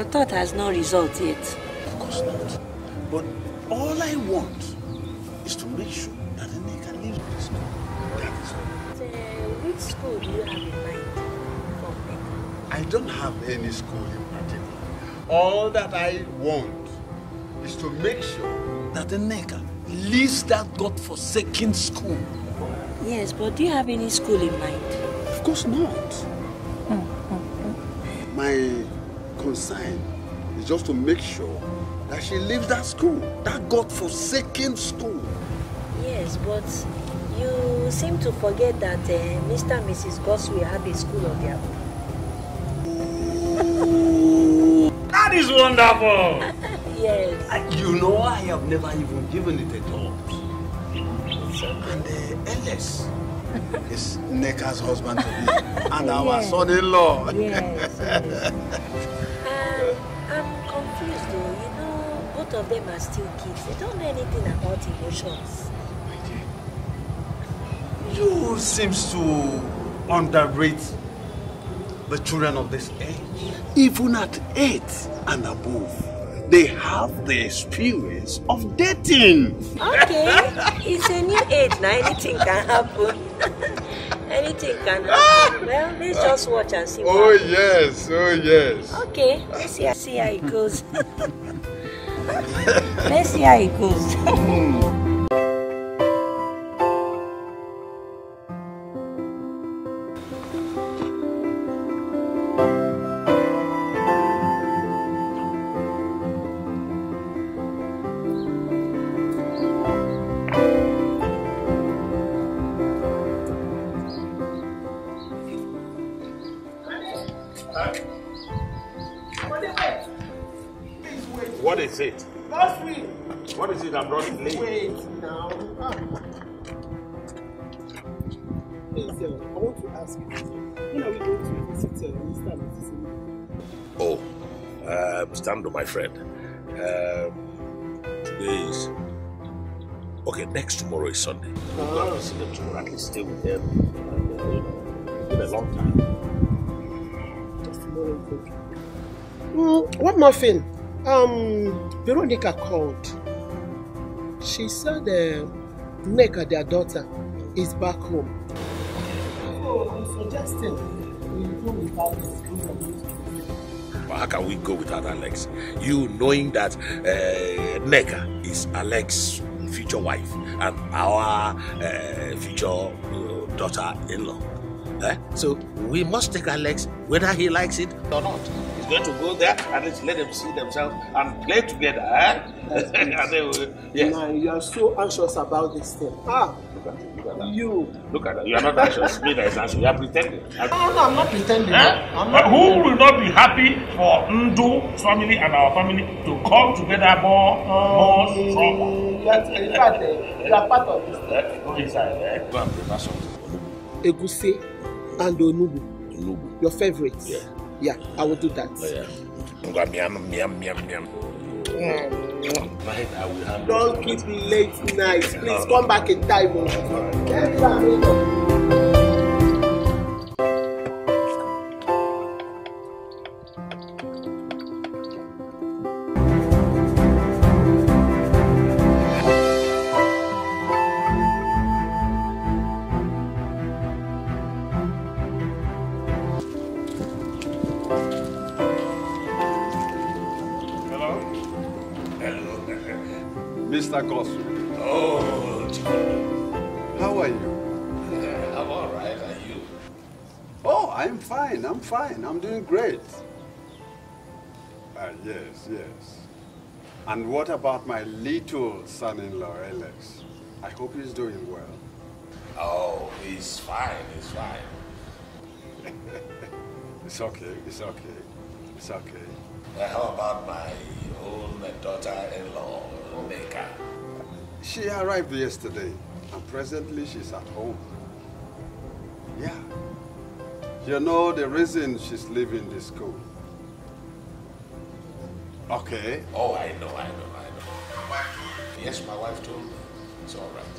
Your thought has no result yet. Of course not. But all I want is to make sure that the Nika leaves school. That is all. Uh, which school do you have in mind for Nika? I don't have any school in particular. All that I want is to make sure that the Nika leaves that godforsaken school. Yes, but do you have any school in mind? Of course not. Mm -hmm. My concern is just to make sure that she leaves that school, that God-forsaken school. Yes, but you seem to forget that uh, eh, Mr. and Mrs. will have a school of their own. that is wonderful! yes. you know, I have never even given it a thought. And uh, Ellis is Neka's husband to be, and our son-in-law. yes. yes. of them are still kids. They don't know anything about emotions. You seems to underrate the children of this age. Even at eight and above, they have the experience of dating. Okay, it's a new age now. Anything can happen. anything can happen. Well, let's just watch and see. Oh happens. yes, oh yes. Okay, let's see, see how it goes. Vê aí, Cus. What is it? What is it that brought not late? Wait now. Ah. I want to ask you, when are we going to visit uh, Mr. and Mrs. Oh, uh, Stando, my friend. today um, is Okay, next tomorrow is Sunday. Ah. We'll go and see them tomorrow. At least stay with them. it's been a long time. Just tomorrow, okay. Mm, what muffin? Um, Veronica called. She said uh, Neka, their daughter, is back home. So suggesting we without this how can we go without Alex? You knowing that uh, Neka is Alex's future wife and our uh, future uh, daughter-in-law. Eh? So we must take Alex whether he likes it or not. going to go there and let, them see themselves and play together. Eh? and they will, yes. Now you are so anxious about this thing. Ah. Look at, look at that. You. Look at that. You are not anxious. Me that is anxious. You are pretending. No, oh, no, I'm not pretending. Eh? I'm not pretending. who will not be happy for Ndu family and our family to come together more, um, more stronger? Yes, in fact, you are part of this. Eh? Go inside. Eh? Go and prepare something. Egusi and Onubu. Onubu. Your favorites. Yeah. Yeah, I will do that. Oh, yeah. Mm. Don't keep late nights. Please come back in time. Oh. Stagos. Oh, John. How are you? Uh, I'm all right. Are you? Oh, I'm fine. I'm fine. I'm doing great. Ah, yes, yes. And what about my little son-in-law, Alex? I hope he's doing well. Oh, he's fine. He's fine. it's okay. It's okay. It's okay. Now, how about my own daughter-in-law? Omeka. She arrived yesterday, and presently she's at home. Yeah. You know the reason she's leaving the school. Okay. Oh, I know, I know, I know. Yes, my wife told me. It's all right.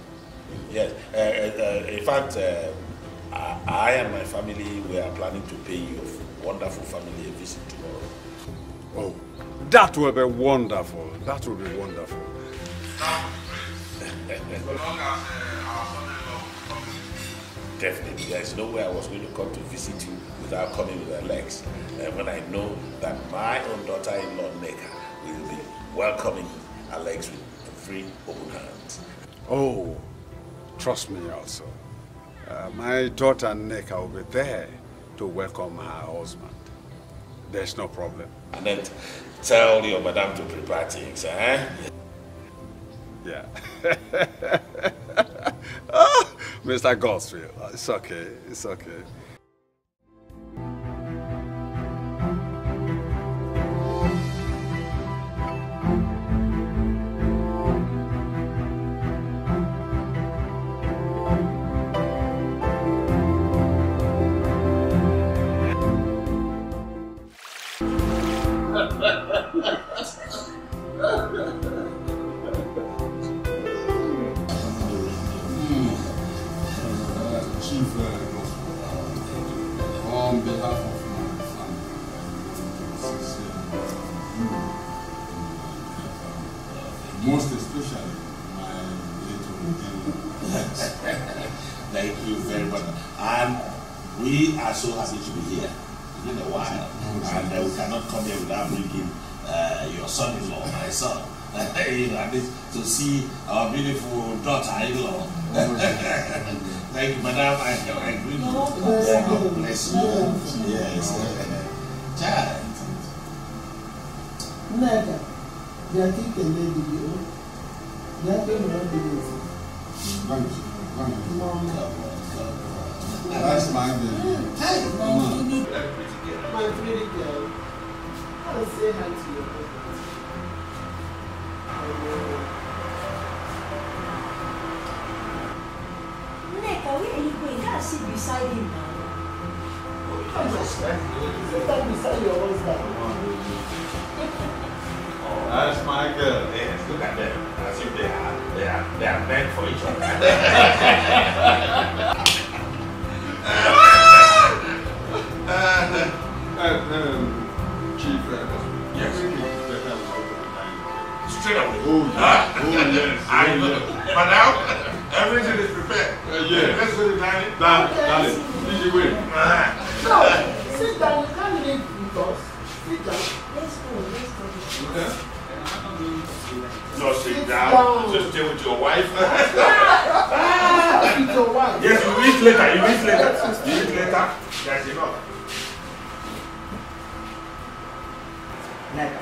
Yes. Uh, uh, uh in fact, uh, I, I and my family, we are planning to pay your wonderful family a visit tomorrow. Oh. That will be wonderful. That will be wonderful. Definitely, there's no way I was going to come to visit you without coming with Alex. And when I know that my own daughter-in-law, Neka, will be welcoming Alex with free open hands. Oh, trust me also. Uh, my daughter, Neka, will be there to welcome her husband. There's no problem. Annette, tell your madam to prepare things, eh? Yeah. oh, Mr. Godsfield, it's okay, it's okay. most especially my little Thank you very much. And we are so happy to be here. It's been a while, and uh, we cannot come here without bringing son-in-law, my son. to see our beautiful daughter-in-law. Thank you, madam. I, I agree. God bless, bless you. Yes. Child. Nada. They are thinking they do you. are thinking you. Thank you. Thank you. Mom. God bless. God bless. That's my baby. Hey. My pretty girl and say hi to your you can sit beside him now. you beside your husband. that's my girl. Yes, look at them. As if they are, they are, they are meant for each other. uh, uh, uh, uh chilling. Ooh, yeah. Ooh, yes. I ain't looking. But now, everything is prepared. Uh, yeah. Let's go to Danny. Danny, Danny. Easy you win? So, sit down. You can't leave with us. Sit down. Let's go. Let's go. Okay. No, sit, down. down. Just stay with your wife. ah, with your wife. Yes, you eat later. You eat later. You eat later. That's enough. Never.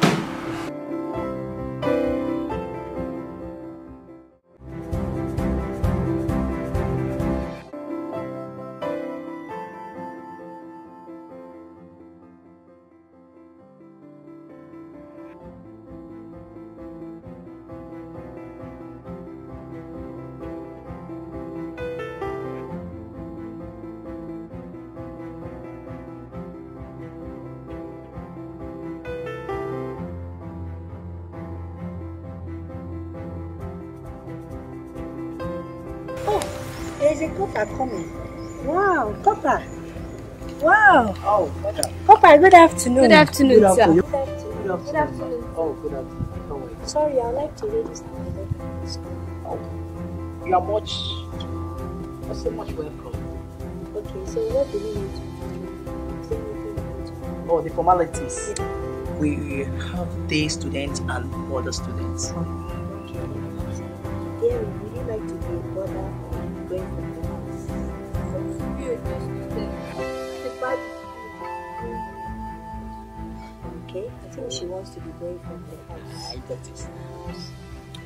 Hi, good afternoon. Good afternoon, good afternoon. sir. Good afternoon. Good afternoon. Oh, good afternoon. Sorry, I'd like to register my daughter Oh, you are much, I say much welcome. Okay, so what do we need to do? Oh, the formalities. Yeah. We, have day students and other students. Okay. Yeah, we really like to be a brother? think she wants to be going from the house. Ah, I got it.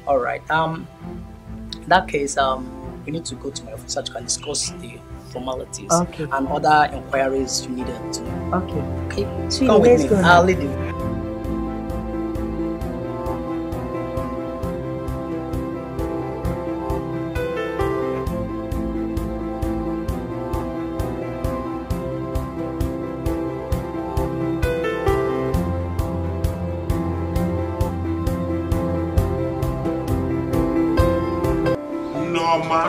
All right. Um, in that case, um, we need to go to my office so I can discuss the formalities okay. and other inquiries you needed to know. Okay. Okay. So Come with me. I'll lead you. Nneoma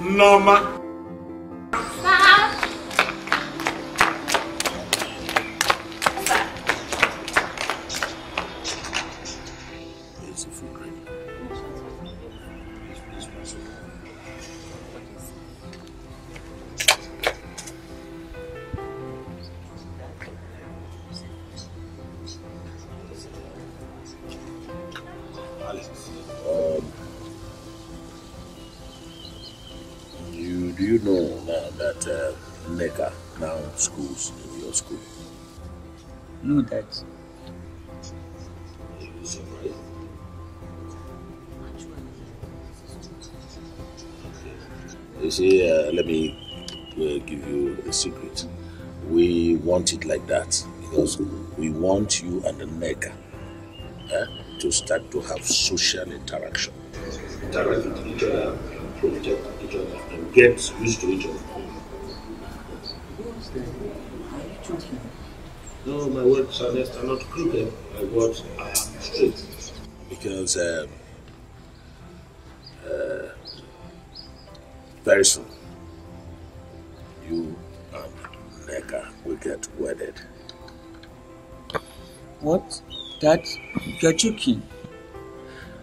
Nneoma start to have social interaction. Interact with each other, protect each other, and get used to each other. No, my words are not crooked. My words are straight. Because um, uh, very soon, you and Neka will get wedded. What? That you're joking.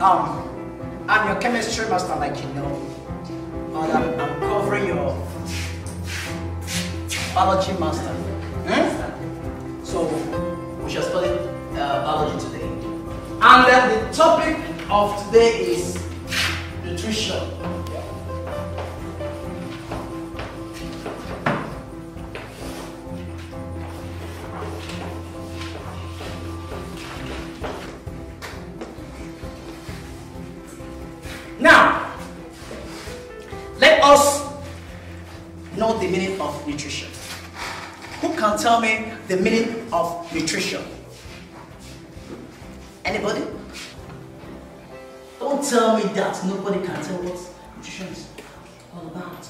Um, I'm your chemistry master, like you know. But I'm, I'm covering your biology master. Hmm? So, we shall study uh, biology today. And then the topic of today is Don't tell me that nobody can tell what nutrition is all about.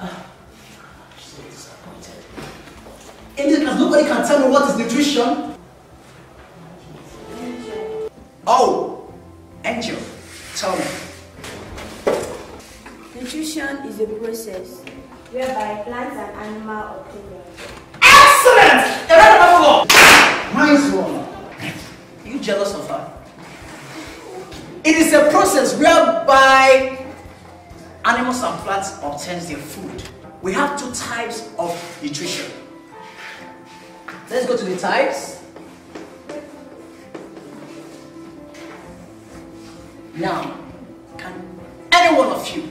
Ah, I'm so disappointed. In this class, nobody can tell me what is nutrition. Oh, Angel, tell me. Nutrition is a process whereby plants and animals obtain Excellent! A round of applause! Nice one. Are you jealous of her? It is a process whereby animals and plants obtain their food. We have two types of nutrition. Let's go to the types. Now, can any one of you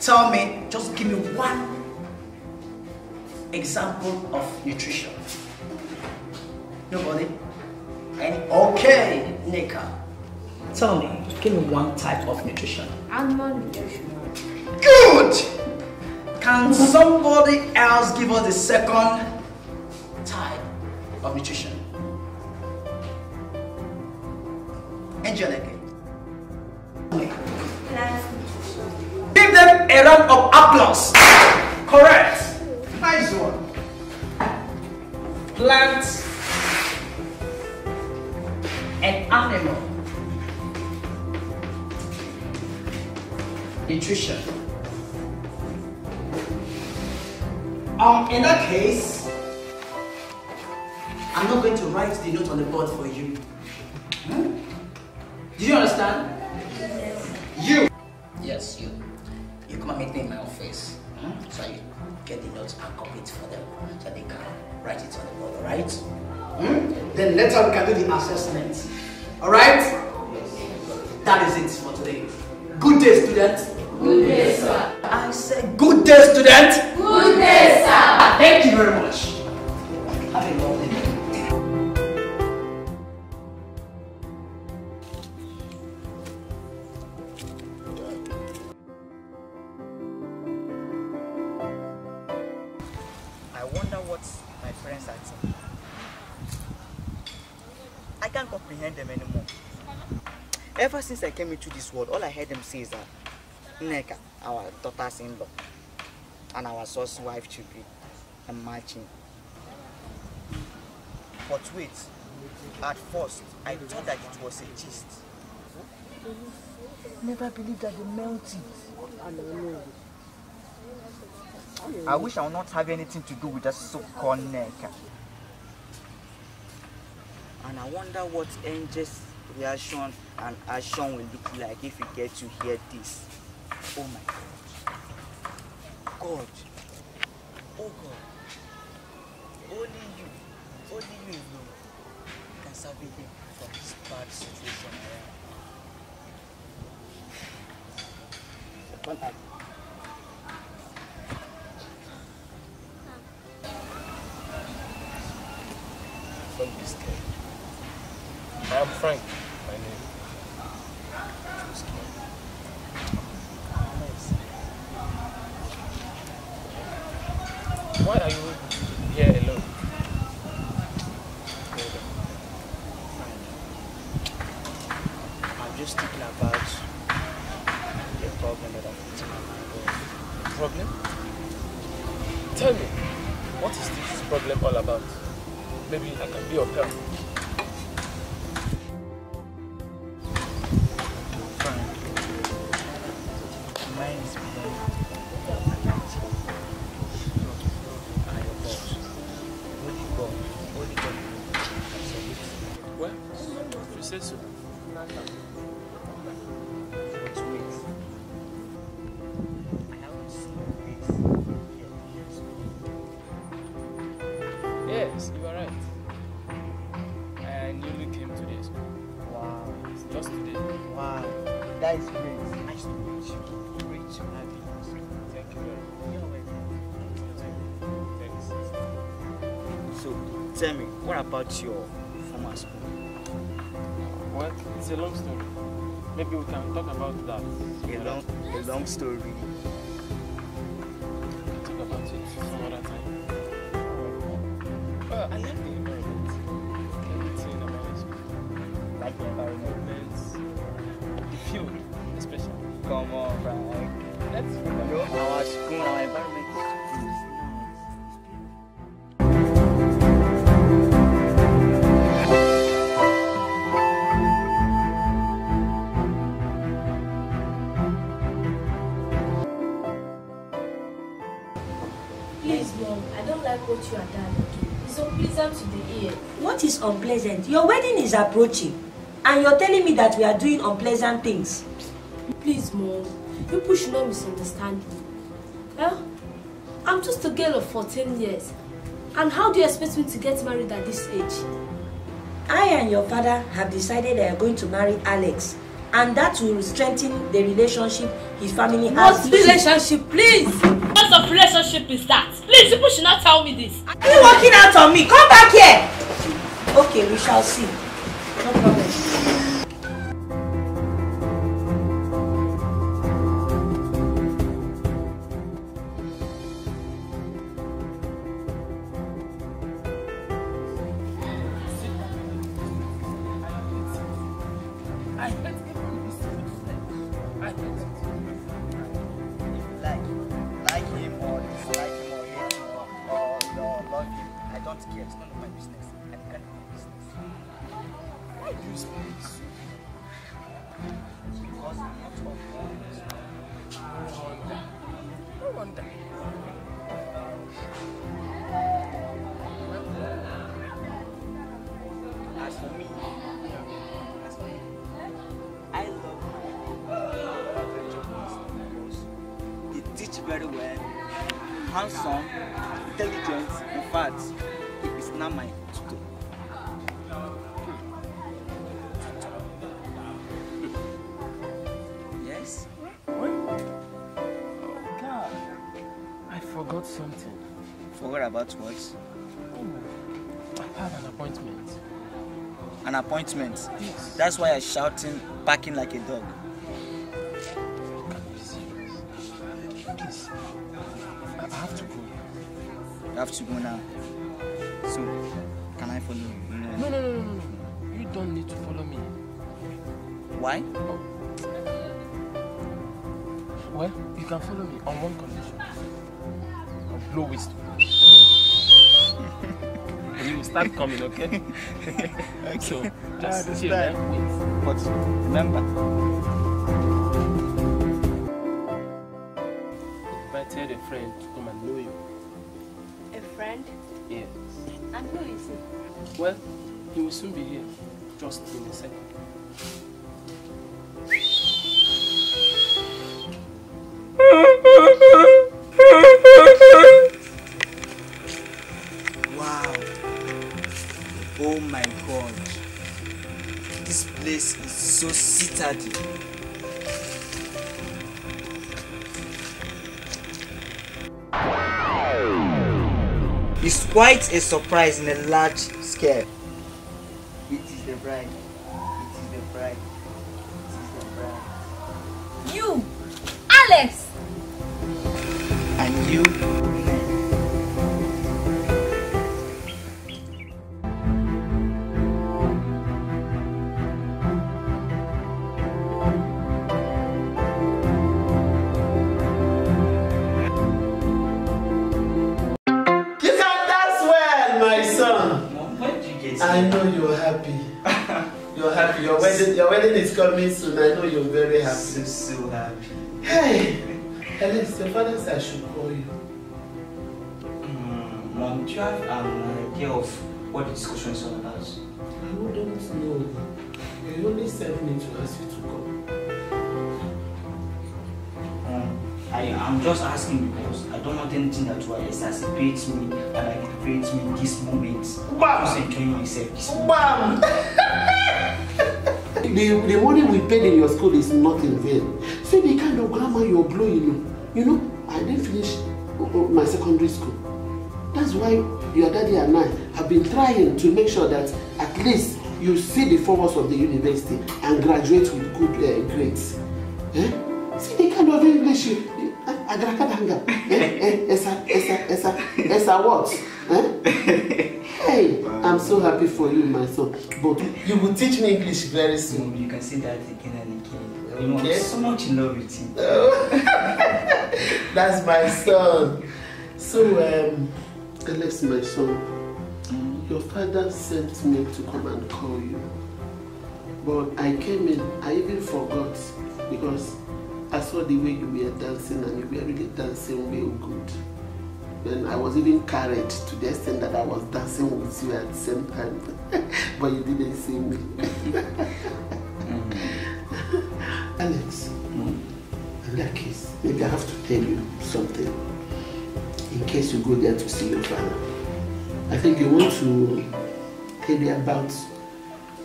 tell me, just give me one example of nutrition? Nobody? Any? Okay, Nika. Tell me, give me one type of nutrition. Almond nutrition. Good! Can somebody else give us the second type of nutrition? Angelica. Give them a round of applause. Correct. Nice one. Plant and animal nutrition. Um, in that case, I'm not going to write the note on the board for you. Hmm? Do you understand? Yes. You. Yes, you. You come and meet me in my office. Hmm? So you get the notes and copy it for them so they can write it on the board, alright? Hmm? Then later we can do the assessment. Alright? Yes. That is it for today. Good day, students day, students. Good day, sir. Thank you very much. Have a lovely day. I wonder what my friends are saying. I can't comprehend them anymore. Ever since I came into this world, all I heard them say is that Neka, our daughter's in-law, and our source wife to be and matching. But wait, at first I thought that it was a gist. Never believed that they melted. I wish I would not have anything to do with that so-called neck. And I wonder what Angel's reaction and action will look like if we get to hear this. Oh my God. God. Oh God. Only you, only you alone can save him from this bad situation I am. Don't be scared. I am Frank. What are you What about your former school? What? It's a long story. Maybe we can talk about that. A long, a long story. Talk about it unpleasant. Your wedding is approaching and you're telling me that we are doing unpleasant things. Please, Mom, you push not misunderstand me. Well, I'm just a girl of 14 years. And how do you expect me to get married at this age? I and your father have decided they are going to marry Alex. And that will strengthen the relationship his family what has. What relationship, please? What sort of relationship is that? Please, people should not tell me this. Are you working out on me? Come back here! Okay, we shall see. disappointment. That's why I am shouting, barking like a dog. Please, I have to go. You have to go now. So, can I follow you? No, no, no, no, no. You don't need to follow me. Why? Oh. Well, you can follow me on one condition. i blow whistle start coming, okay? okay. So just I chill, eh? But remember. Invited a friend to come and know you. A friend? Yes. And who is he? Well, he will soon be here. Just in a second. tí ó It's quite a surprise in a large scale. It is the bride. It is the bride. It is the bride. You, Alex. And you. coming soon. I know you're very happy. So, so happy. Hey, Alice, your father said I should call you. Mm, Mom, do you have an idea of what the discussion is all about? I do not know. You only sent me to ask you to come. Hmm, I am just asking because I don't want anything that will exacerbate me and agitate me this moment. Bam! I was enjoying myself this moment. Bam! the, the money we paid in your school is not in vain. See the kind of grammar you're blowing. You know, I didn't finish my secondary school. That's why your daddy and I have been trying to make sure that at least you see the focus of the university and graduate with good uh, grades. Eh? See the kind of English you, agrakadanga esa esa esa esa what eh? so happy for you, my son. But you will teach me English very soon. You can see that again and again. Okay. You I'm so much in love with you. That's my son. So, um, Alex, my son, your father sent me to come and call you. But I came in, I even forgot because I saw the way you were dancing and you were really dancing real good. Then I was even carried to the extent that I was dancing with you at the same time, but you didn't see me. mm. Alex, mm. in that case, maybe I have to tell you something in case you go there to see your father. I think you want to tell me about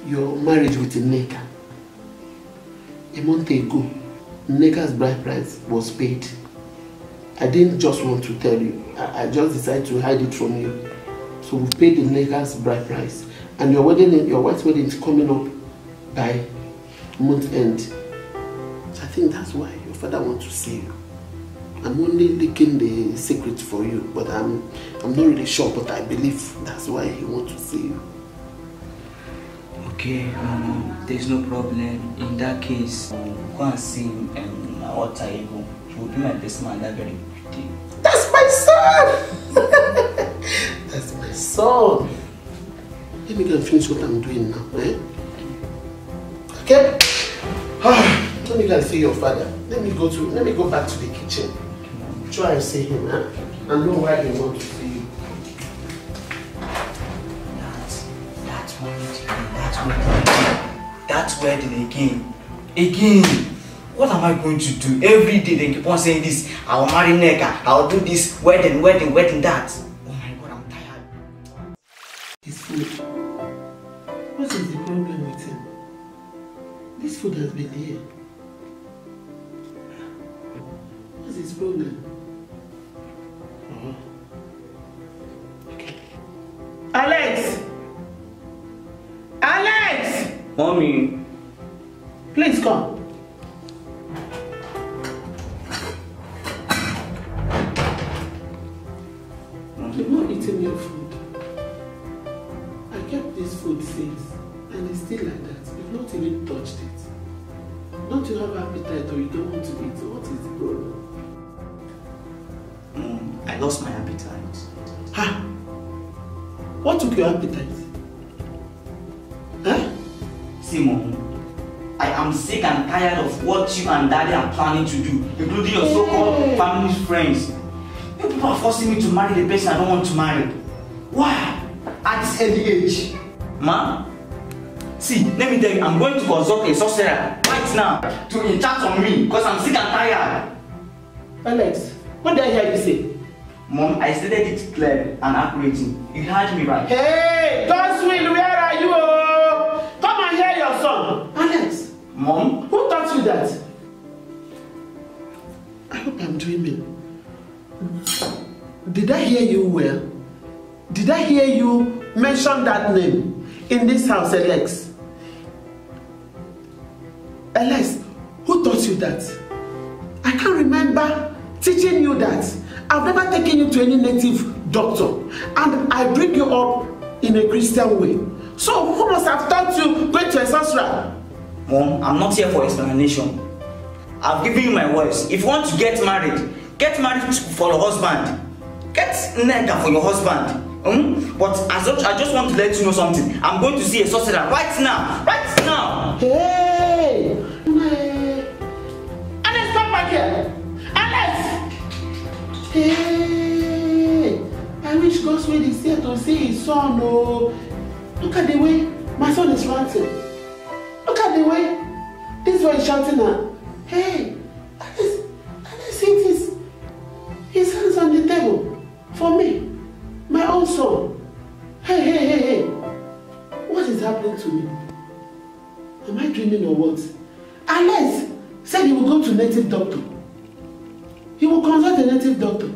your marriage with Neka. A month ago, Neka's bride price was paid I didn't just want to tell you. I, I just decided to hide it from you. So we paid the Lagos bride price. And your wedding, your wife's wedding is coming up by month end. So I think that's why your father wants to see you. I'm only leaking the secret for you, but I'm I'm not really sure, but I believe that's why he wants to see you. Okay, um, there's no problem. In that case, um, go and see him um, and my alter ego. He will be my best man that very my son. That's my son. Let me go and finish what I'm doing now, eh? Okay? Ah, let me go and see your father. Let me go to, let me go back to the kitchen. Try and see him, eh? And know why he wants to see you. That's, that's wedding, that's wedding, that's wedding again. Again. what am I going to do? Every day they keep on saying this, I'll marry Neka, I'll do this, wedding, wedding, wedding, that. Oh my God, I'm tired. This food, what is the problem with him? This food has been here. What is his problem? Uh-huh. Alex! Alex! Mommy! Please come. planning to do, including your so-called mm. family friends. You people are forcing me to marry the person I don't want to marry. Why? At this early age. Ma, see, let me tell you, I'm going to consult a sorcerer right now to in charge on me because I'm sick and tired. Alex, what did I hear you say? Mom, I stated it clear and accurately. You heard me right. Hey, Godswill, where are you? Oh? Come and hear your son. Alex. Mom? Who taught you that? am dreaming. Did I hear you well? Did I hear you mention that name in this house, Alex? Alex, who taught you that? I can't remember teaching you that. I've never taken you to any native doctor, and I bring you up in a Christian way. So who must have taught you going to a sorcerer? Mom, I'm not here for explanation. I've given you my words. If you want to get married, get married for your husband. Get nega for your husband. Mm? But as I just want to let you know something. I'm going to see a sorcerer right now. Right now. Hey! hey. Alex, come back here. Alex! Hey! I wish God's way is here to see his son. Oh. Look at the way my son is ranting. Look at the way this boy is shouting at. Hey, at least, at least his hands on the table for me, my own son. Hey, hey, hey, hey. What is happening to me? Am I dreaming or what? Unless said he will go to native doctor. He will consult a native doctor.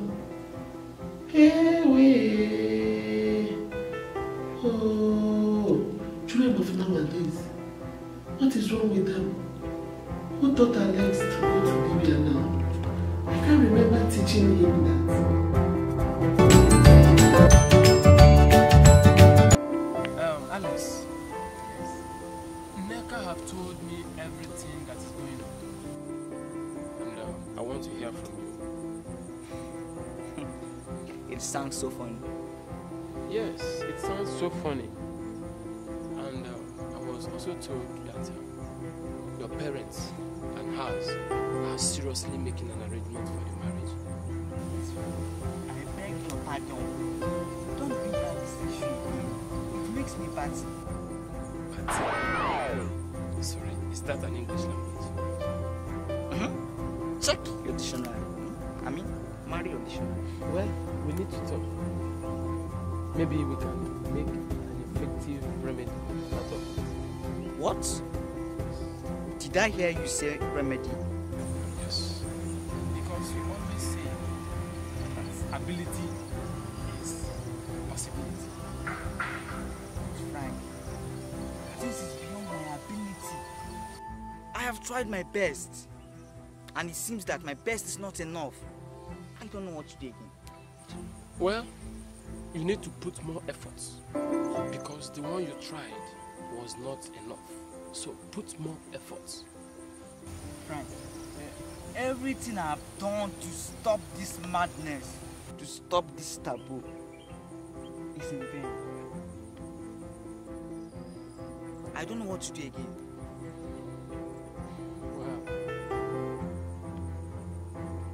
Hey, wait. Oh, children of nowadays. What is wrong with them? daughter likes to go to Bibia now. I can't remember teaching him that. Um, Alice. Yes. Neka have told me everything that is going on. And um, I want to hear from you. it sounds so funny. Yes, it sounds so funny. And um, I was also told that um, your parents house are seriously making an arrangement for the marriage. I beg your pardon. Don't bring up this issue again. It makes me batty. Batty? No. Sorry, is that an English language? Mm -hmm. Check your dictionary. Hmm? I mean, marry your dictionary. Well, we need to talk. Maybe we can make an effective remedy out of it. What? Did I hear you say remedy? Yes. Because you always say that ability is possibility. Frank, this is beyond my ability. I have tried my best. And it seems that my best is not enough. I don't know what to do again. Well, you need to put more efforts. Because the one you tried was not enough. So put more efforts. Frank, uh, eh, everything I have done to stop this madness, to stop this taboo, is in vain. I don't know what to do again.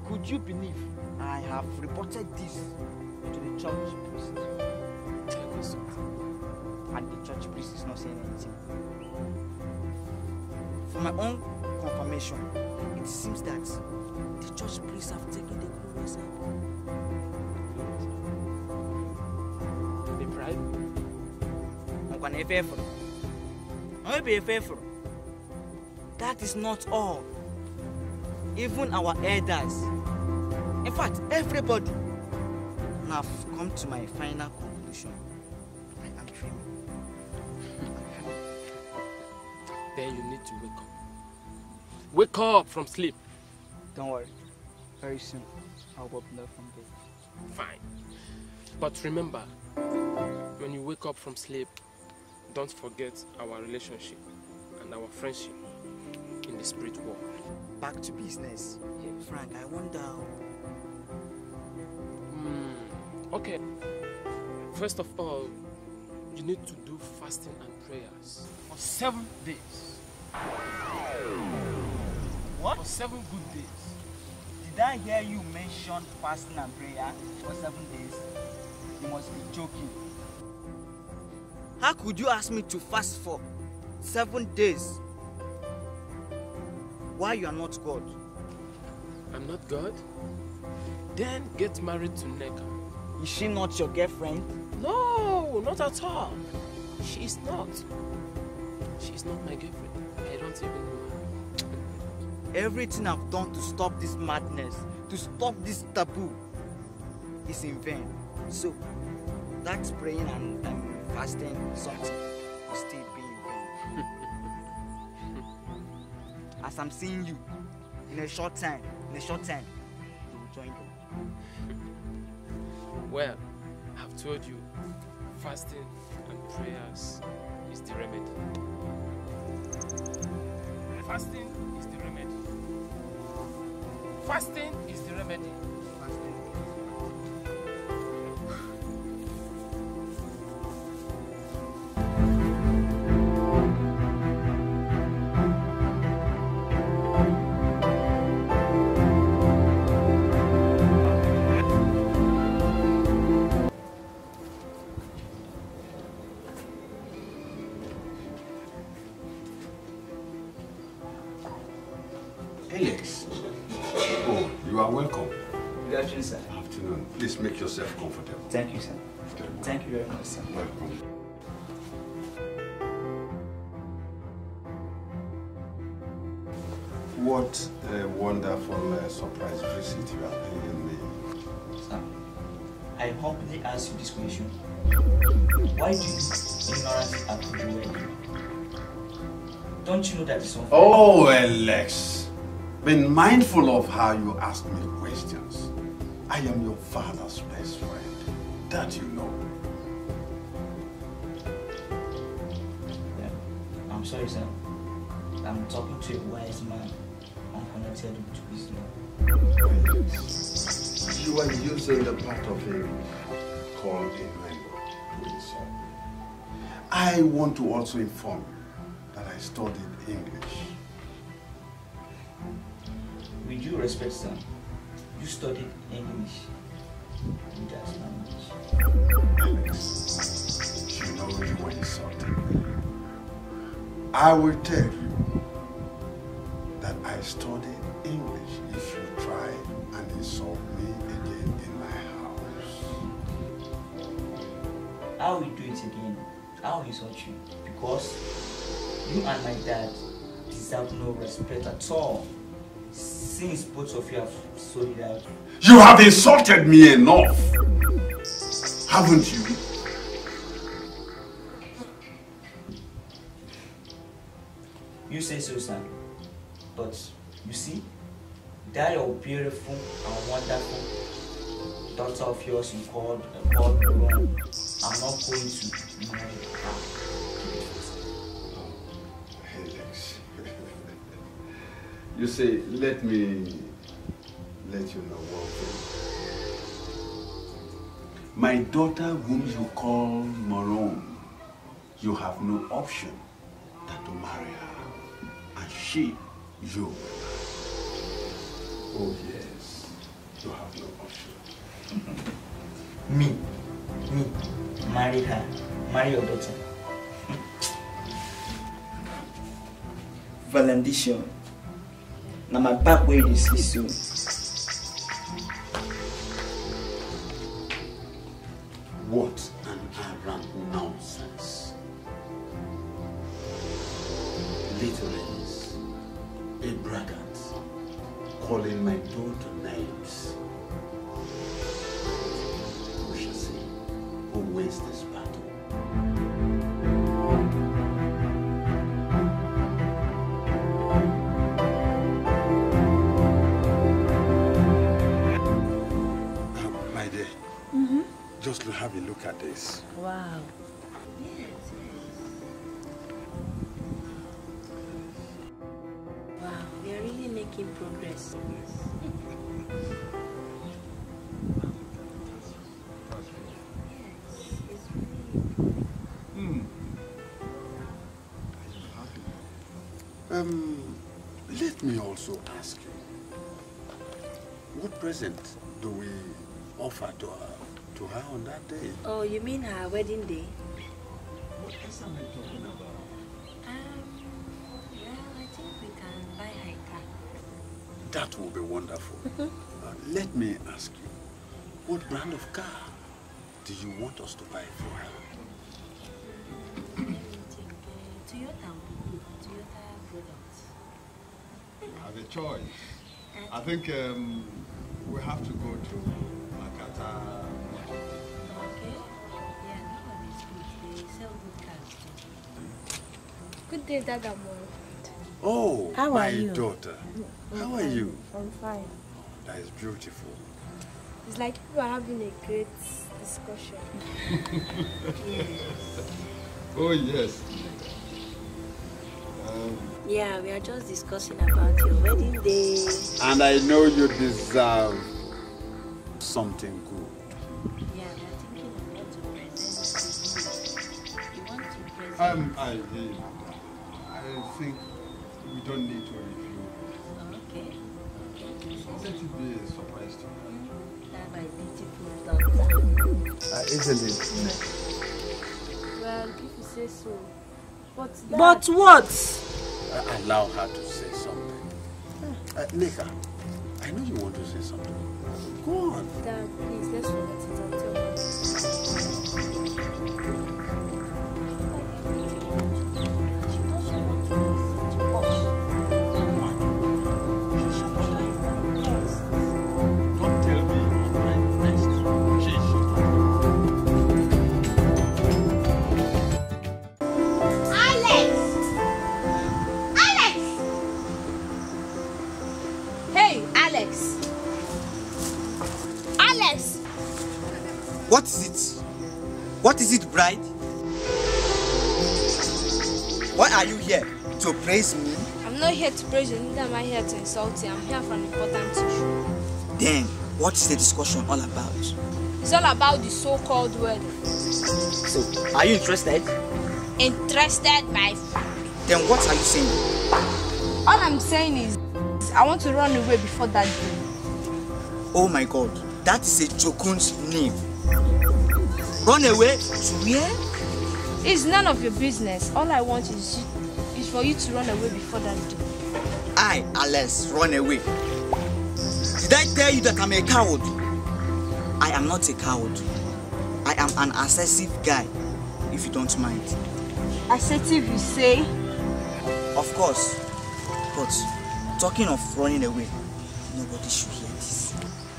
Could you believe I have reported this to the church priest? Tell me something. And the church priest is not saying anything. For my own confirmation, it seems that the church priests have taken the glorious help. The bribe? I'm gonna be faithful. I'm gonna be faithful. That is not all. Even our elders, in fact, everybody, have come to my final conclusion. to wake up. Wake up from sleep. Don't worry. Very soon, I'll open up from bed. Fine. But remember, when you wake up from sleep, don't forget our relationship and our friendship in the spirit world. Back to business. Frank, I wonder... Um, mm, okay. First of all, you need to do fasting and prayers for seven days. What? For seven good days. Did I hear you mention fasting and prayer for seven days? You must be joking. How could you ask me to fast for seven days? Why you are not God? I'm not God? Then get married to Neka. Is she not your girlfriend? No, not at all. She is not. She is not my girlfriend you. Everything I've done to stop this madness, to stop this taboo, is in vain. So, that's praying and, and fasting, something will still be in vain. As I'm seeing you, in a short time, in a short time, you will join them. Well, I've told you, fasting and prayers is the remedy. Fasting is the remedy. Fasting is the remedy. Thank you, sir. Thank you very much, sir. Welcome. What a wonderful uh, surprise visit you are paying me. Sir, I humbly ask you this question. Why do you ignorantly approach the wedding? Don't you know that it's unfair? Oh, Alex. be mindful of how you ask me questions. I am your father's best friend. That you know. Yeah, I'm sorry, sir. I'm talking to a wise man unconnected with wisdom. You are using the part of him called a language. I want to also inform you that I studied English. With due respect, sir, you studied English you something. I will tell you that I study English if you try and insult me again in my house. I will do it again. I will insult you because you and my dad deserve no respect at all since both of you have sold out you have insulted me enough, haven't you? You say so, son. But you see, that your beautiful and wonderful daughter of yours you called a uh, called I'm not going to marry her. Oh, you say, let me let you know one thing. My daughter, whom you call Moron, you have no option than to marry her. And she, you Oh yes, you have no option. me, me, marry her, marry your daughter. Valendition, now my back way is soon. what? Um, let me also ask you, what present do we offer to her, to her on that day? Oh, you mean her wedding day? What else am I talking about? Um, well, I think we can buy car. That will be wonderful. uh, let me ask you, what brand of car do you want us to buy for her? a choice. I think um, we have to go to Makata. Good day, Dada Oh, how are my you? daughter. I'm how fine. are you? I'm fine. That is beautiful. It's like we are having a great discussion. Oh, yes. Um, yeah, we are just discussing about your wedding day. And I know you deserve something good. Yeah, we are thinking of what to present to you. You want to present? Um, I, I think we don't need to review. Okay. So let it be a surprise to me. That my beautiful daughter. Uh, isn't it? Well, if you say so. But, that... but what? allow her to say something. Ah. Uh, Nika, I know you want to say something. Go on. Dad, please, let's forget it until What is it? What is it, bride? Why are you here? To praise me? I'm not here to praise you, neither am I here to insult you. I'm here for an important issue. Then, what is the discussion all about? It's all about the so-called wedding. So, are you interested? Interested by... Then what are you saying? All I'm saying is, I want to run away before that day. Oh my God, that is a jocund name. run away to where? It's none of your business. All I want is, is for you to run away before that day. I, Alex, run away. Did I tell you that I'm a coward? I am not a coward. I am an assertive guy, if you don't mind. Assertive, you say? Of course. But talking of running away, nobody should hear this.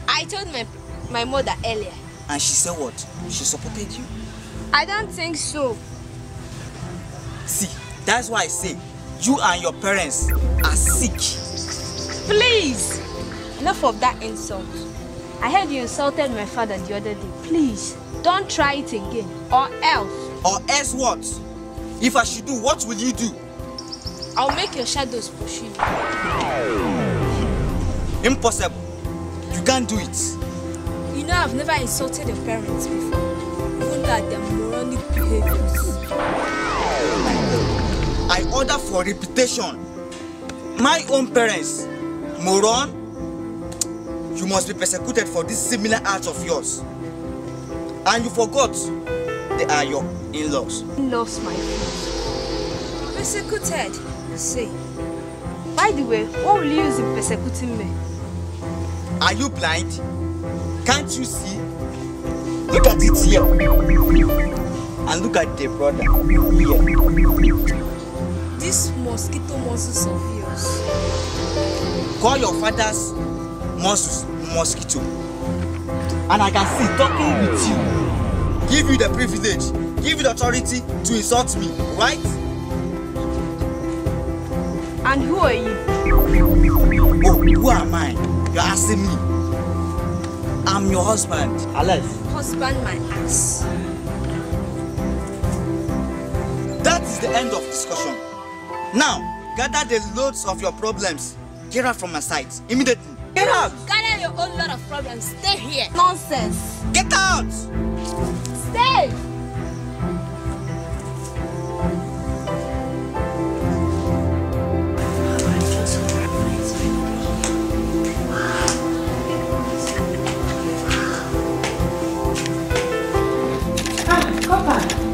I told my, my mother earlier And she said what? She supported you? I don't think so. See, that's why I say you and your parents are sick. Please! Enough of that insult. I heard you insulted my father the other day. Please, don't try it again, or else. Or else what? If I should do, what will you do? I'll make your shadows push you. Impossible. You can't do it. You know, I've never insulted a parent before, even though their moronic behaviors. I order for reputation. My own parents, moron, you must be persecuted for this similar act of yours. And you forgot they are your in-laws. In-laws, my friend. Persecuted, say. By the way, what will you use in persecuting me? Are you blind? Can't you see? Look at it here. And look at the brother here. This mosquito muscles of yours. Call your father's muscles mosquito. And I can see talking with you. Give you the privilege, give you the authority to insult me, right? And who are you? Oh, who am I? You're asking me. I'm your husband. Alex. Husband my ass. That is the end of discussion. Now, gather the loads of your problems. Get out from my sight immediately. Get out! Gather your own lot of problems. Stay here. Nonsense. Get out! Stay!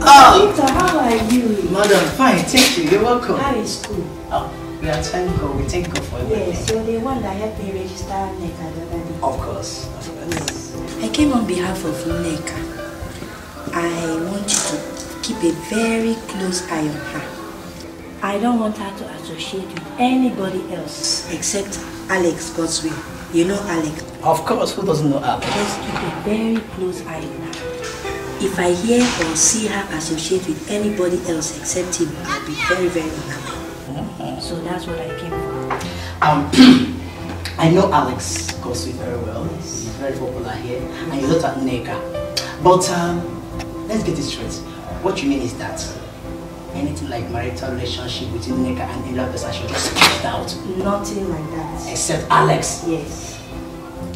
Oh, how are you? Madam, fine, thank you. You're welcome. How is school? Oh, we are thank We thank God for everything. Yes, you're the one that helped me register NECA the other day. Of course, of course. Yes. I came on behalf of NECA. I want you to keep a very close eye on her. I don't want her to associate with anybody else except Alex Godswill. You know Alex? Of course, who doesn't know Alex? Just keep a very close eye on her. If I hear or see her associate with anybody else except him, I'll be very, very unhappy. Mm -hmm. So that's what I came for. Um, I know Alex goes with very well. He's very popular here. Mm -hmm. And not at Nega. But um, let's get this straight. What you mean is that anything like marital relationship between Nega and any other person should just cut out. Nothing like that. Except Alex. Yes.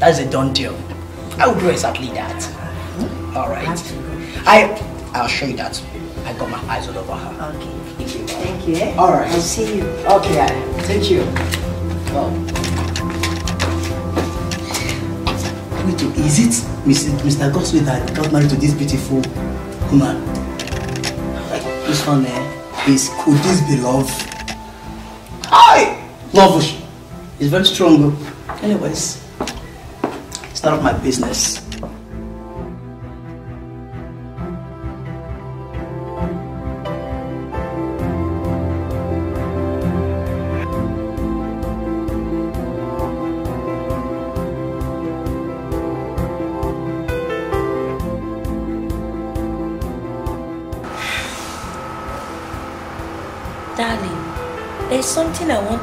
That's a done deal. I would do exactly that. All right. I, I'll show you that. I got my eyes all over her. Okay. Thank you. Thank you. Eh? All right. I'll see you. Okay. Thank you. Well. Wait, is it Mr. Gosway that got married to this beautiful woman? This one Eh? is Could This Be Love? I Love! It's very strong. Oh. Anyways, start up my business.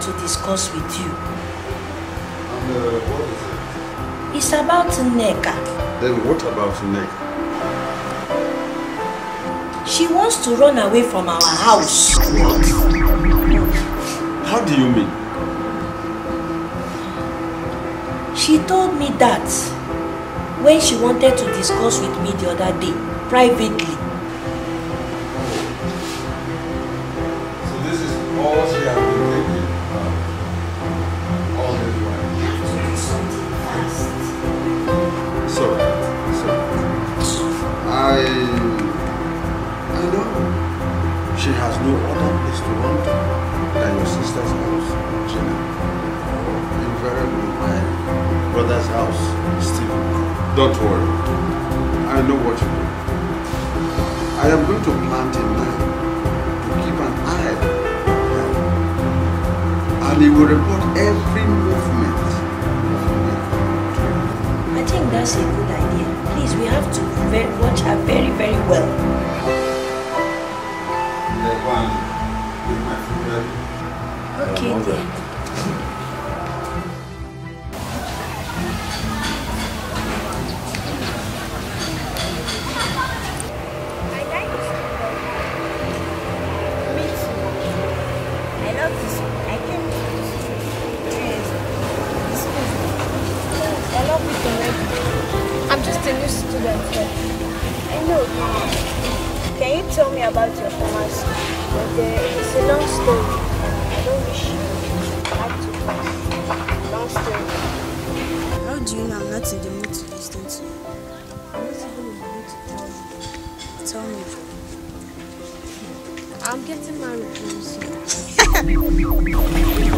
to discuss with you. And uh, what is it? It's about Neka. Then what about Neka? She wants to run away from our house. What? How do you mean? She told me that when she wanted to discuss with me the other day, privately.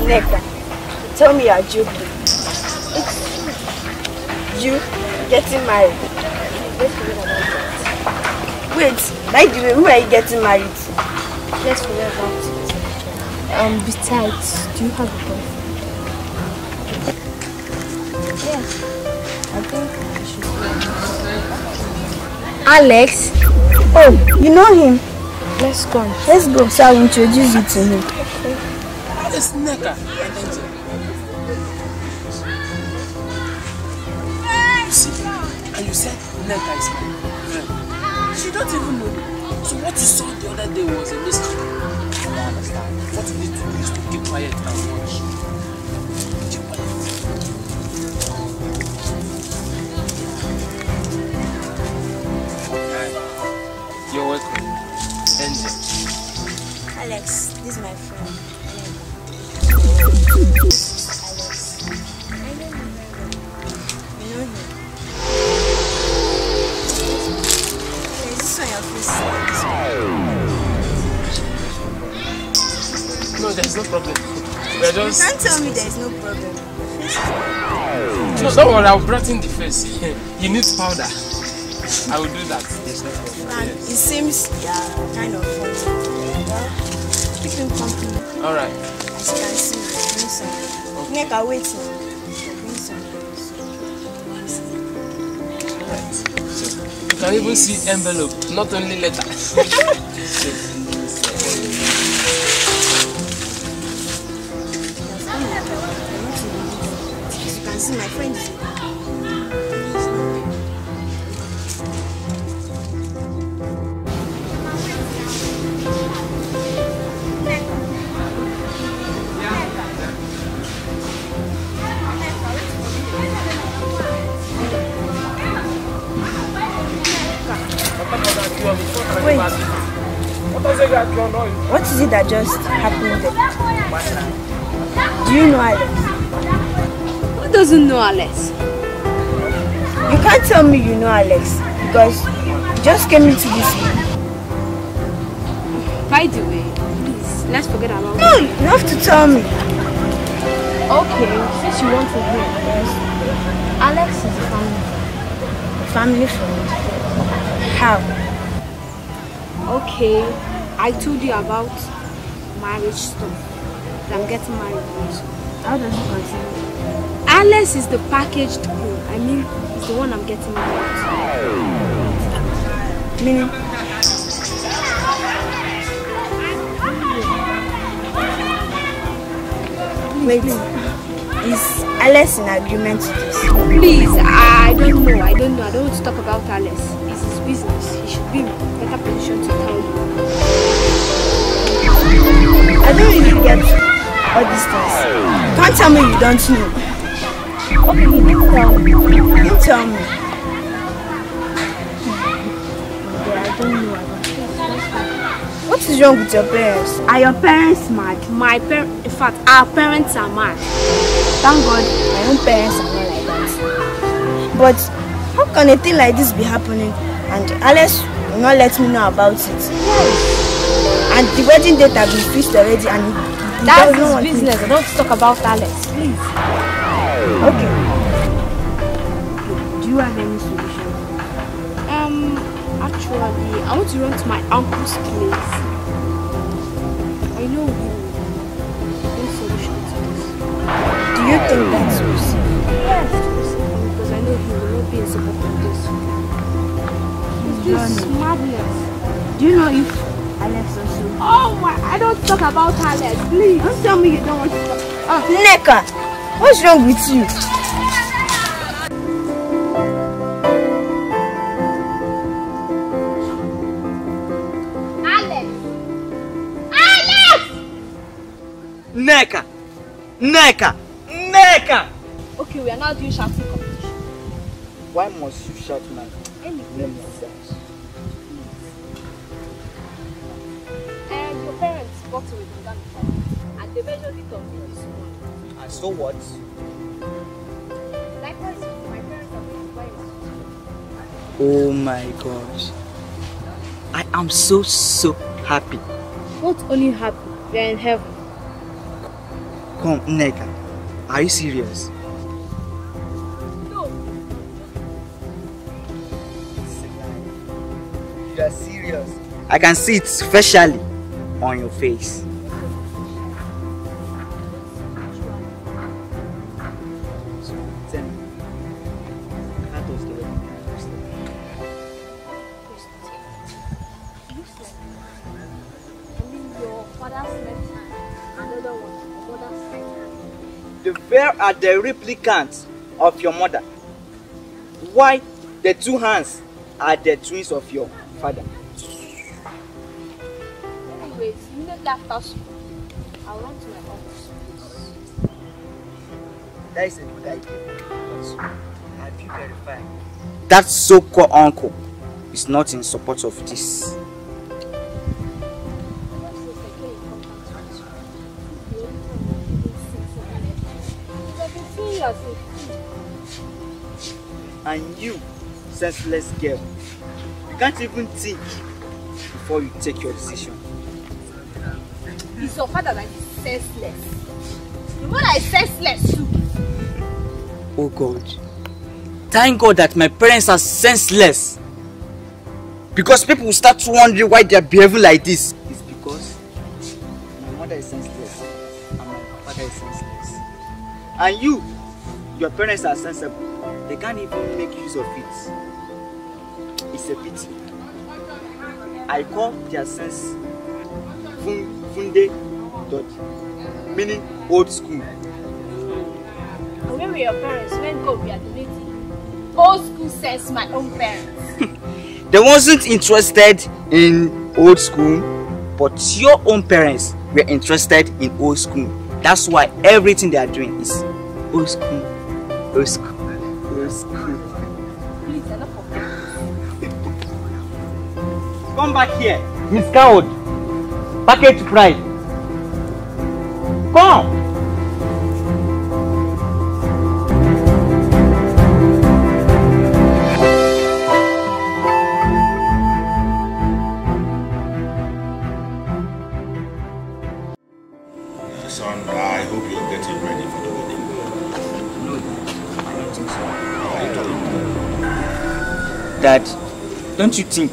Neka, tell me are you getting married. Wait, by the way, who are you getting married to? Let's forget about it. Um, besides, do you have a boyfriend? Yeah, I think I should. Alex? Oh, you know him? Let's go. Let's go, so I'll introduce you to him this neka and then you see and you said neka is my she don't even know so what you saw the other day was a mystery i don't understand what you need to do is to keep quiet and watch You're welcome. Angel. Alex, this is my friend. no problem. We're just... You can't tell me there is no problem. No, don't worry, I'll brighten the face. you need powder. I will do that. There's no problem. yes. it seems yeah, kind of fun. Keep him company. Alright. As you can see, bring some. Okay. Make her wait. Bring some. Alright. So, you can even see envelope, not only letter. This is my friend. Wait. What is it that just happened Do you know doesn't know Alex? You can't tell me you know Alex because you just came into this room. By the way, please, let's forget about No, you have to tell me. Okay, since you want to hear, yes. Alex is a family friend. Family friend? How? Okay, I told you about marriage stuff. I'm getting married. How does it continue? Alice is the packaged gold. I mean, it's the one I'm getting married Meaning? Maybe. Is Alice in agreement to this? Please, I don't know. I don't know. I don't want to talk about Alice. It's his business. He should be in better position to tell you. I don't really get all these things. Don't tell me you don't know. What can you tell me. You tell me. What is wrong with your parents? Are your parents mad? My parents, in fact, our parents are mad. Thank God, my own parents are not like that. But how can a thing like this be happening? And Alice will not let me know about it. Yes. And the wedding date has been fixed already, and that's his business. I don't talk about Alice, please. Okay. Do you have any solution? Um, actually, I want to run to my uncle's place. I know you. No solution to this. Do you think oh. that's possible? Yes, Because I know he will not be in support of this. It's just madness. Do you know if Alex also? Oh my! I don't talk about Alex. Please don't tell me you don't want to. Talk. Oh, Necker. What's wrong with you? Alex! Alex! Neka! Neka! Neka! Okay, we are now doing shouting competition. Why must you shout my name like that? And your parents bought it with Uganda and they measured it up. So what? Oh my gosh. I am so, so happy. Not only happy, we are in heaven. Come, Nega, Are you serious? No. You are serious. I can see it specially on your face. are the replicants of your mother why the two hands are the twins of your father. Wait, you make that person. I want my office. That is a good idea. Have you verified? That so-called uncle is not in support of this. And you, senseless girl, you can't even think before you take your decision. It's your father that is senseless. The mother is senseless too. Oh God. Thank God that my parents are senseless. Because people will start to wonder why they are behaving like this. It's because my mother is senseless and my father is senseless. And you, your parents are sensible. They can't even make use of it. It's a pity. I call their sense Funde dot," meaning old school. Where were your parents when God we are donating? Old school says my own parents. they wasn't interested in old school, but your own parents were interested in old school. That's why everything they are doing is old school, old school. Please, enough of Come back here. Miss Coward. Package price. Come. that don't you think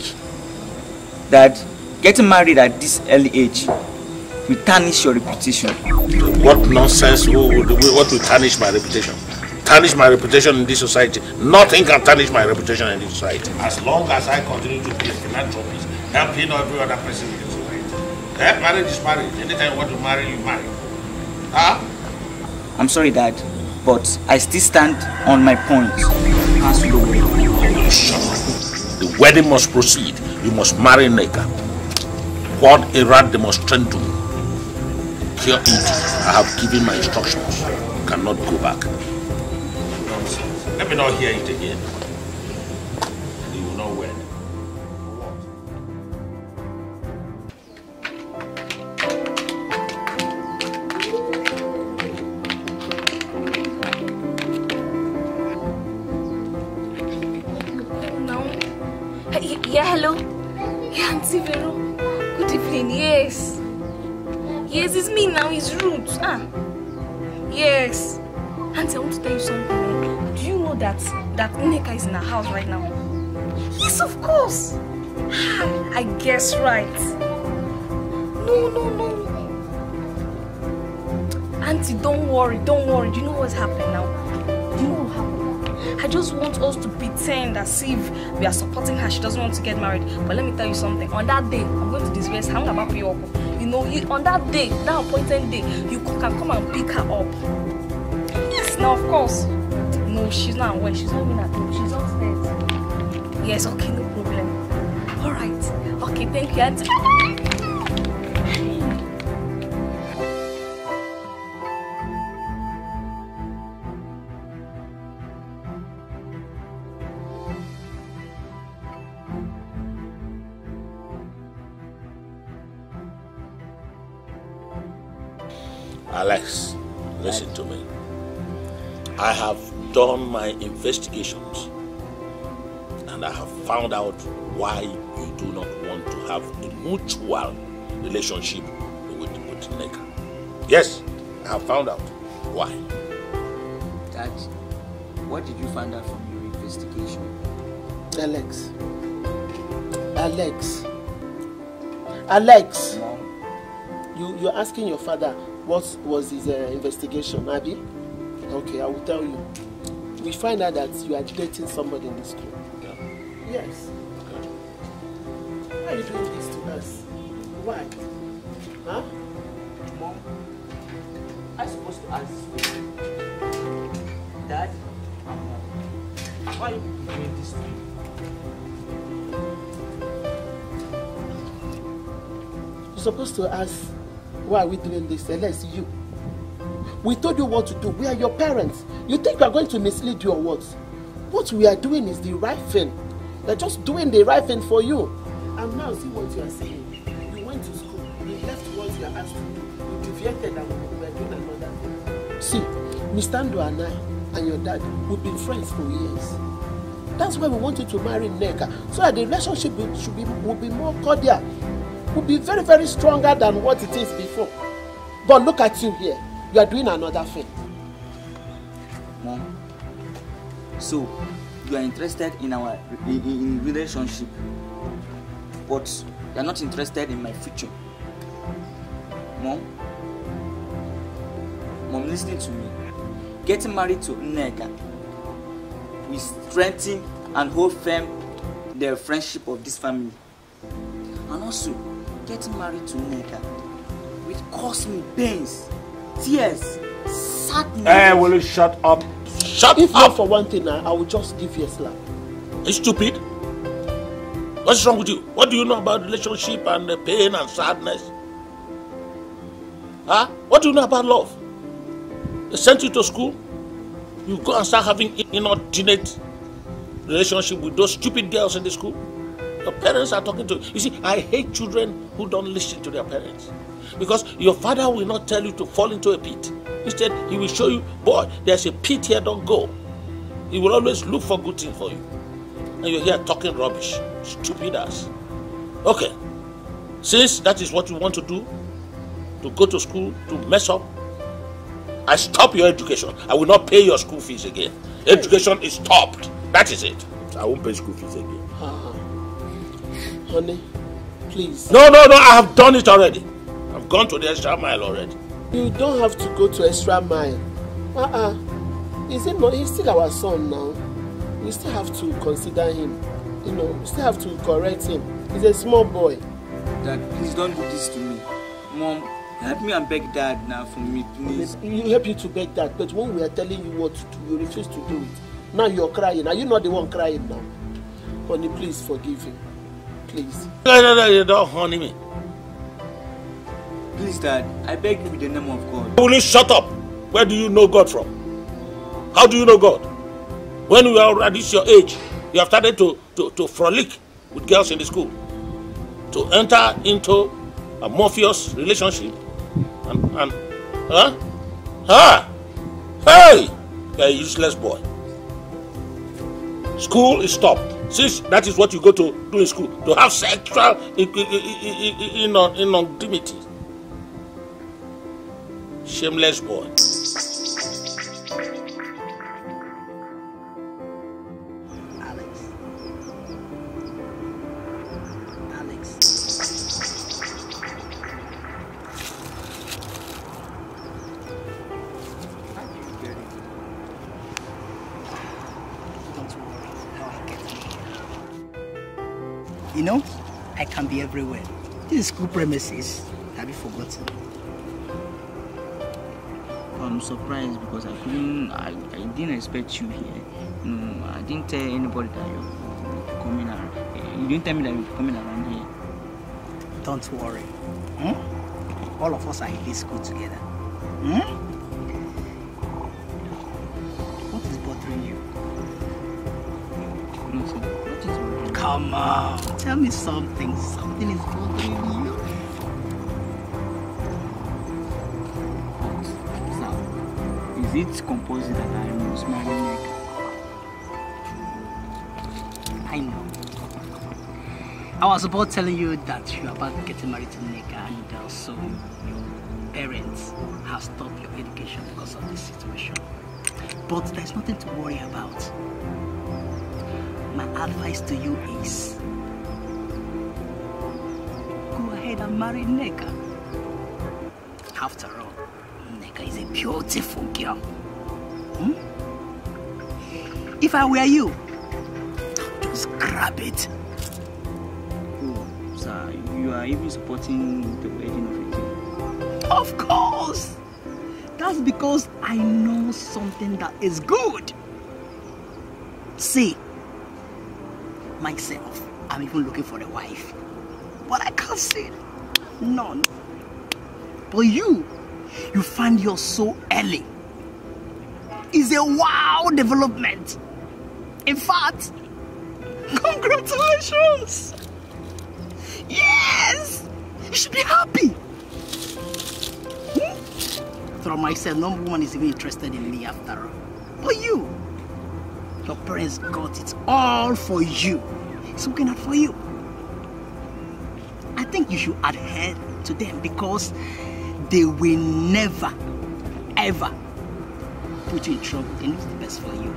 that getting married at this early age will tarnish your reputation? What nonsense what will tarnish my reputation? tarnish my reputation in this society. Nothing can tarnish my reputation in this society. As long as I continue to be a philanthropist, helping every other person in this society. Help eh? Marriage is marriage. Anytime you want to marry, you marry. Huh? I'm sorry, Dad but I still stand on my point. The wedding must proceed. You must marry Neka. What a rat demonstrandum. to. Hear it. I have given my instructions. You cannot go back. Let me not hear it again. just wants us to pretend as if we are supporting her. She doesn't want to get married. But let me tell you something. On that day, I'm going to disgrace her. I'm about to up. You know, on that day, that appointed day, you can come and pick her up. Yes, now of course. No, she's not aware. She's not even at home. She's upstairs. Yes, okay, no problem. All right. Okay, thank you, my investigations and I have found out why you do not want to have a mutual relationship with, with Neka. Yes, I have found out why. Dad, what did you find out from your investigation? Alex. Alex. Alex. You, you're asking your father what was his uh, investigation, Abby? Okay, I will tell you we find out that you are dating somebody in this school. Yeah. Yes. Why are you doing this to us? Why? Huh? Mom, I supposed to ask Dad and Mom, why are you doing this to me? You're supposed to ask, why are we doing this? Unless you. We told you what to do. We are your parents. You think we are going to mislead you or what? What we are doing is the right thing. They're just doing the right thing for you. And now see what you are saying. You went to school, you left what you are asked to do, you deviated and we are doing another thing. See, Mr. Ndo and I and your dad, we've been friends for years. That's why we want you to marry Neka so that the relationship will, should be, will be more cordial, will be very, very stronger than what it is before. But look at you here. You are doing another thing mọ́ so you are interested in our in, in relationship but you are not interested in my future mom mom listening to me getting married to nneka will strengthen and hold firm the friendship of this family and also getting married to nneka will cause me pains tears shut Hey, eh, will you shut up? Shut if up! If for one thing, I, I will just give you a slap. Are you stupid? What's wrong with you? What do you know about relationship and pain and sadness? Huh? What do you know about love? They sent you to school. You go and start having inordinate relationship with those stupid girls in the school. Your parents are talking to you. You see, I hate children who don't listen to their parents. Because your father will not tell you to fall into a pit. Instead, he will show you, boy, there's a pit here, don't go. He will always look for good thing for you. And you're here talking rubbish. Stupid ass. Okay. Since that is what you want to do, to go to school, to mess up, I stop your education. I will not pay your school fees again. Education is stopped. That is it. I won't pay school fees again. uh Honey, please. No, no, no. I have done it already. I've gone to the extra mile already. You don't have to go to extra mile. Uh-uh. Is it not? He's still our son now. We still have to consider him. You know, we still have to correct him. He's a small boy. Dad, please don't do this to me. Mom, help me and beg Dad now for me, please. we'll help you to beg Dad, but when we are telling you what to do, you refuse to do it. Now you're crying. Are you not the one crying now? Honey, please forgive him. Please. No, no, no, you don't honey me. Please, Dad, I beg you in the name of God. Will you shut up? Where do you know God from? How do you know God? When you are at this your age, you have started to, to, to frolic with girls in the school, to enter into a Morpheus relationship. And, and huh? Huh? Hey! You're a useless boy. School is stopped. Since that is what you go to do in school, to have sexual in, in, in, in, in, in, in, in, in, in, in, shameless boy. Alex. Alex. You know, I can be everywhere. This school premises surprised because I couldn't, I, I didn't expect you here. No, I didn't tell anybody that you're coming around. You didn't tell me that you're coming around here. Don't worry. Hmm? All of us are in this school together. Hmm? What is bothering you? What is bothering you? Come on, tell me something. Something is bothering you. It's composed that I'm was marrying I know. I was about telling you that you're about getting married to Nika and also your parents have stopped your education because of this situation. But there's nothing to worry about. My advice to you is go ahead and marry Neka. After all, beautiful girl. Hmm? If I were you, just grab it. Oh, sir, you are even supporting the wedding of a girl. Of course! That's because I know something that is good. See, myself, I'm even looking for a wife. But I can't see none. But you you find your soul early is a wow development. In fact, congratulations! Yes! You should be happy! Hmm? From myself, no woman is even interested in me after all. But you, your parents got it all for you. It's looking out for you. I think you should adhere to them because they will never, ever put you in trouble. They the best for you.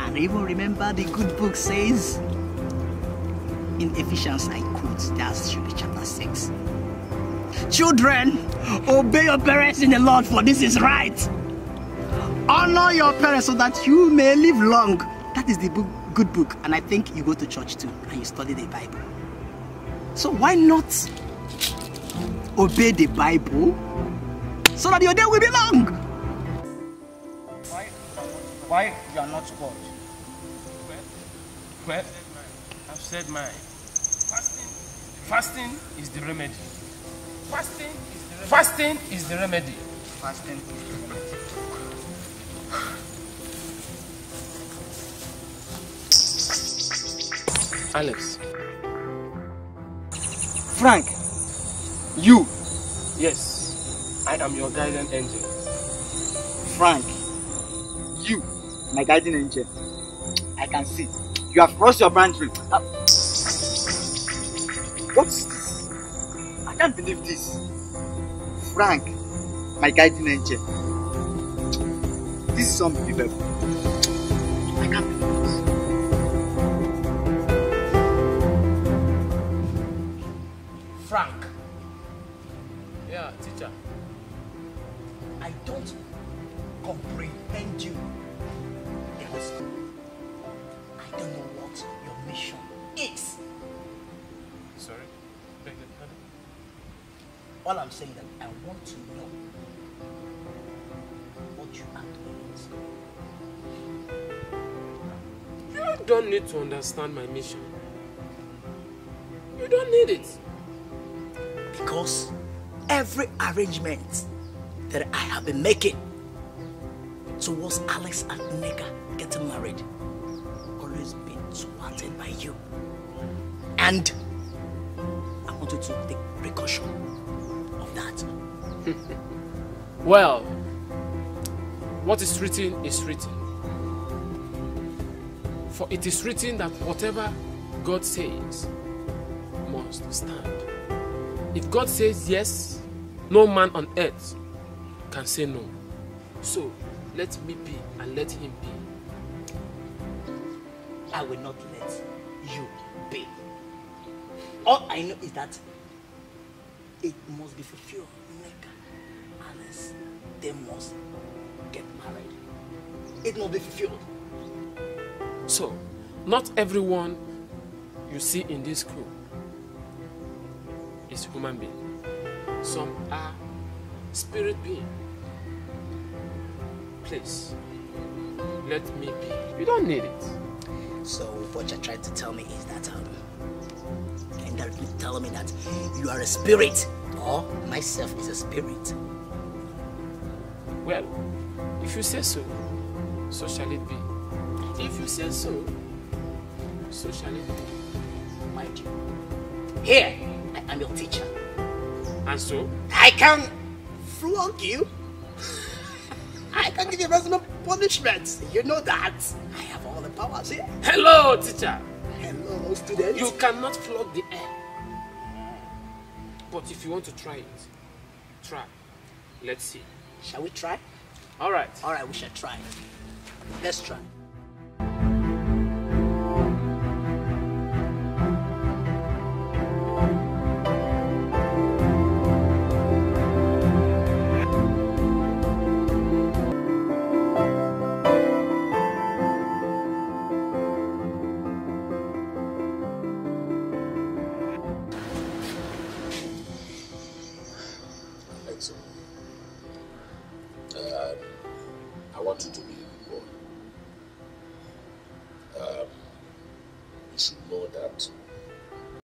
And even remember the good book says in Ephesians, I quote, that should be chapter 6. Children, obey your parents in the Lord, for this is right. Honor your parents so that you may live long. That is the book, good book. And I think you go to church too and you study the Bible. So why not obey the Bible so that your day will be long. Why, why you are not God? Well, well I've said mine. Fasting, fasting is the remedy. Fasting is the remedy. Fasting is the remedy. Fasting is the remedy. Alex. Frank. You? Yes. I am your guiding angel. Frank. You? My guiding angel. I can see. You have crossed your boundary. Ah. what's this? I can't believe this. Frank, my guiding angel. This is unbelievable. I can't believe this. Frank. All I'm saying is I want to know what you are doing. You don't need to understand my mission. You don't need it. Because every arrangement that I have been making towards Alex and Nega getting married always been thwarted by you. And I wanted to take precaution that. well, what is written is written. For it is written that whatever God says must stand. If God says yes, no man on earth can say no. So let me be and let him be. I will not let you be. All I know is that it must be fulfilled. Nigga, Alice, they must get married. It must be fulfilled. So, not everyone you see in this group is human being. Some are spirit being. Please, let me be. You don't need it. So what you're trying to tell me is that um, tell me that you are a spirit or myself is a spirit? Well, if you say so, so shall it be. If you say so, so shall it be. My dear, here I am your teacher. And so? I can flog you. I can give you maximum punishment. You know that. I have all the powers here. Hello, teacher. Hello, student. You cannot flog the air. But if you want to try it, try. Let's see. Shall we try? All right. All right, we shall try. Let's try.